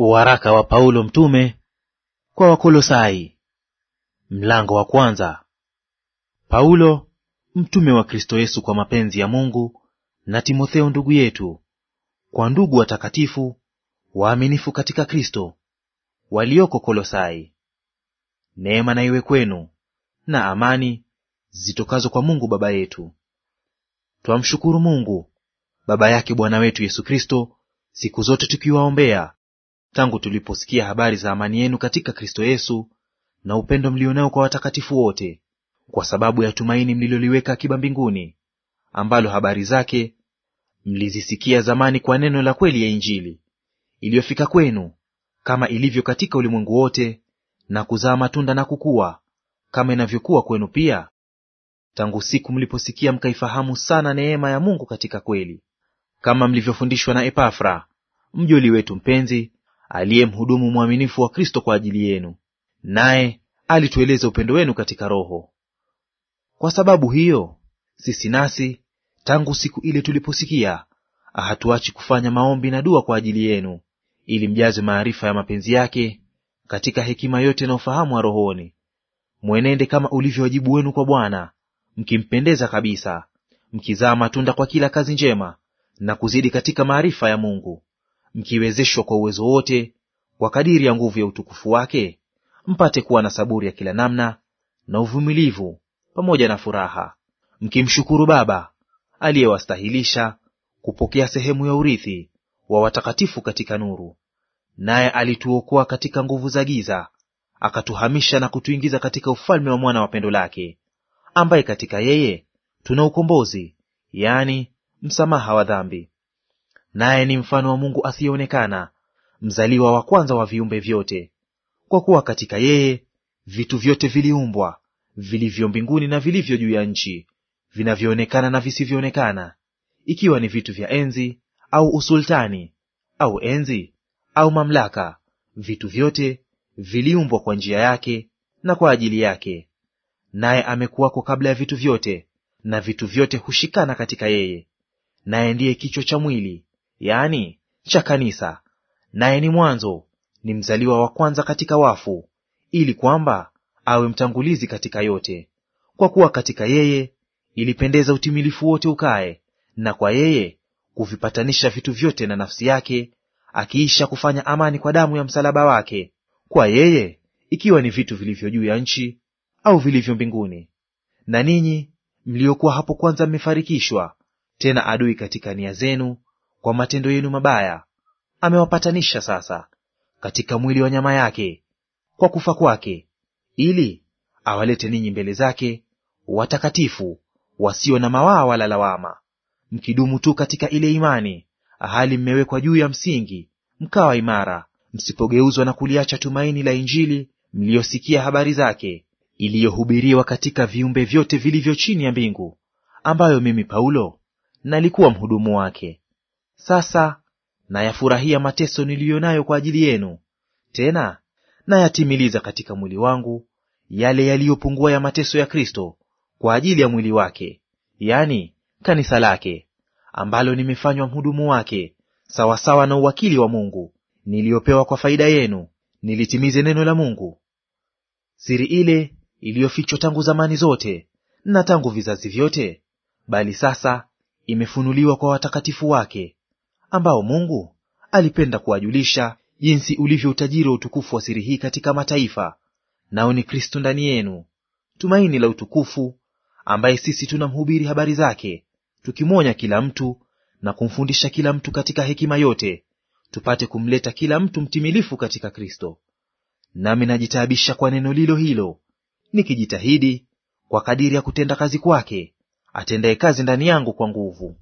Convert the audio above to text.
Waraka wa Paulo mtume kwa Wakolosai mlango wa kwanza. Paulo mtume wa Kristo Yesu kwa mapenzi ya Mungu, na Timotheo ndugu yetu, kwa ndugu watakatifu waaminifu katika Kristo walioko Kolosai. Neema na iwe kwenu na amani zitokazo kwa Mungu Baba yetu. Twamshukuru Mungu Baba yake Bwana wetu Yesu Kristo siku zote tukiwaombea tangu tuliposikia habari za amani yenu katika Kristo Yesu na upendo mlio nao kwa watakatifu wote, kwa sababu ya tumaini mliloliweka akiba mbinguni, ambalo habari zake mlizisikia zamani kwa neno la kweli ya Injili iliyofika kwenu, kama ilivyo katika ulimwengu wote, na kuzaa matunda na kukua, kama inavyokuwa kwenu pia tangu siku mliposikia mkaifahamu sana neema ya Mungu katika kweli, kama mlivyofundishwa na Epafra mjoli wetu mpenzi, mhudumu mwaminifu wa Kristo kwa ajili yenu, naye alitueleza upendo wenu katika Roho. Kwa sababu hiyo sisi nasi tangu siku ile tuliposikia, hatuachi kufanya maombi na dua kwa ajili yenu, ili mjaze maarifa ya mapenzi yake katika hekima yote na ufahamu wa rohoni, mwenende kama ulivyo wajibu wenu kwa Bwana, mkimpendeza kabisa, mkizaa matunda kwa kila kazi njema na kuzidi katika maarifa ya Mungu, mkiwezeshwa kwa uwezo wote kwa kadiri ya nguvu ya utukufu wake, mpate kuwa na saburi ya kila namna na uvumilivu pamoja na furaha, mkimshukuru Baba aliyewastahilisha kupokea sehemu ya urithi wa watakatifu katika nuru. Naye alituokoa katika nguvu za giza, akatuhamisha na kutuingiza katika ufalme wa mwana wa pendo lake, ambaye katika yeye tuna ukombozi, yaani msamaha wa dhambi, naye ni mfano wa Mungu asiyeonekana, mzaliwa wa kwanza wa viumbe vyote, kwa kuwa katika yeye vitu vyote viliumbwa, vilivyo mbinguni na vilivyo juu ya nchi, vinavyoonekana na visivyoonekana, ikiwa ni vitu vya enzi au usultani au enzi au mamlaka; vitu vyote viliumbwa kwa njia yake na kwa ajili yake. Naye amekuwako kabla ya vitu vyote, na vitu vyote hushikana katika yeye. Naye ndiye kichwa cha mwili, yaani cha kanisa, naye ni mwanzo, ni mzaliwa wa kwanza katika wafu, ili kwamba awe mtangulizi katika yote. Kwa kuwa katika yeye ilipendeza utimilifu wote ukae, na kwa yeye kuvipatanisha vitu vyote na nafsi yake, akiisha kufanya amani kwa damu ya msalaba wake, kwa yeye ikiwa ni vitu vilivyo juu ya nchi au vilivyo mbinguni. Na ninyi mliokuwa hapo kwanza mmefarikishwa, tena adui katika nia zenu kwa matendo yenu mabaya, amewapatanisha sasa katika mwili wa nyama yake kwa kufa kwake, ili awalete ninyi mbele zake watakatifu, wasio na mawaa wala lawama, mkidumu tu katika ile imani, hali mmewekwa juu ya msingi, mkawa imara, msipogeuzwa na kuliacha tumaini la Injili mliyosikia habari zake, iliyohubiriwa katika viumbe vyote vilivyo chini ya mbingu, ambayo mimi Paulo nalikuwa mhudumu wake. Sasa nayafurahia mateso niliyo nayo kwa ajili yenu, tena nayatimiliza katika mwili wangu yale yaliyopungua ya mateso ya Kristo kwa ajili ya mwili wake, yani kanisa lake, ambalo nimefanywa mhudumu wake sawasawa na uwakili wa Mungu niliyopewa kwa faida yenu, nilitimize neno la Mungu, siri ile iliyofichwa tangu zamani zote na tangu vizazi vyote, bali sasa imefunuliwa kwa watakatifu wake ambao Mungu alipenda kuwajulisha jinsi ulivyo utajiri wa utukufu wa siri hii katika mataifa, nao ni Kristo ndani yenu, tumaini la utukufu, ambaye sisi tunamhubiri habari zake, tukimwonya kila mtu na kumfundisha kila mtu katika hekima yote, tupate kumleta kila mtu mtimilifu katika Kristo. Nami najitaabisha kwa neno lilo hilo, nikijitahidi kwa kadiri ya kutenda kazi kwake, atendaye kazi ndani yangu kwa nguvu.